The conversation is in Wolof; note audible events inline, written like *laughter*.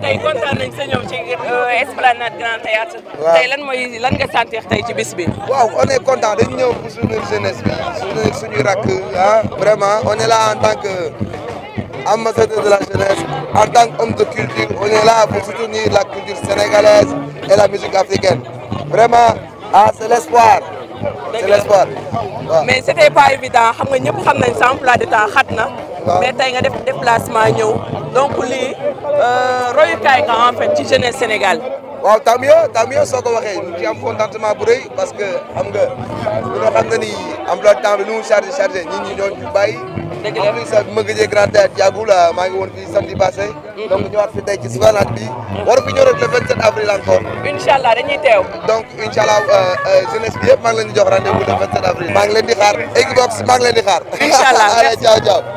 tey kontaan nañ sa ñëw ci euh, Esplanade Grand Théâtre tey lan mooy lan nga sentir tey ci bis bi waaw on est content dañu ñëw pour soutenir jeunesse bi soutenir suñu rakk ah vraiment on est là en tant que ambassadeur de la jeunesse en tant qu'homme de culture on est là pour soutenir la culture sénégalaise et la musique africaine vraiment ah c'est l'espoir c'est l'espoir waaw mais c'était pas évident xam nga ñëpp xam nañ sa emploi du temps xat na mais tey nga def déplacement ñëw donc lii euh, royukaay nga en fait ci jeunesse Sénégal waaw tant mieux tant soo ko waxee ñu ci am contentement bu rëy parce que xam nga ñoo xam ne ni emploi du temps bi nu mu chargé chargé ñi ñoo ñu bàyyi. dëgg la am sa bi ma gëjee Grand Théâtre yàggul ah, maa ngi woon fii samedi passé. Mm-hmm. donc ñëwaat fi tey ci Esplanade bi. war fi ñëw rek le avril encore. incha allah teew. donc incha allah euh, euh, maa ngi leen di jox rendez-vous maa ngi leen di xaar Equivox maa ngi *laughs*